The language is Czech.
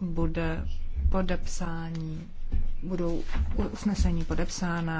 bude podepsání, budou usnesení podepsána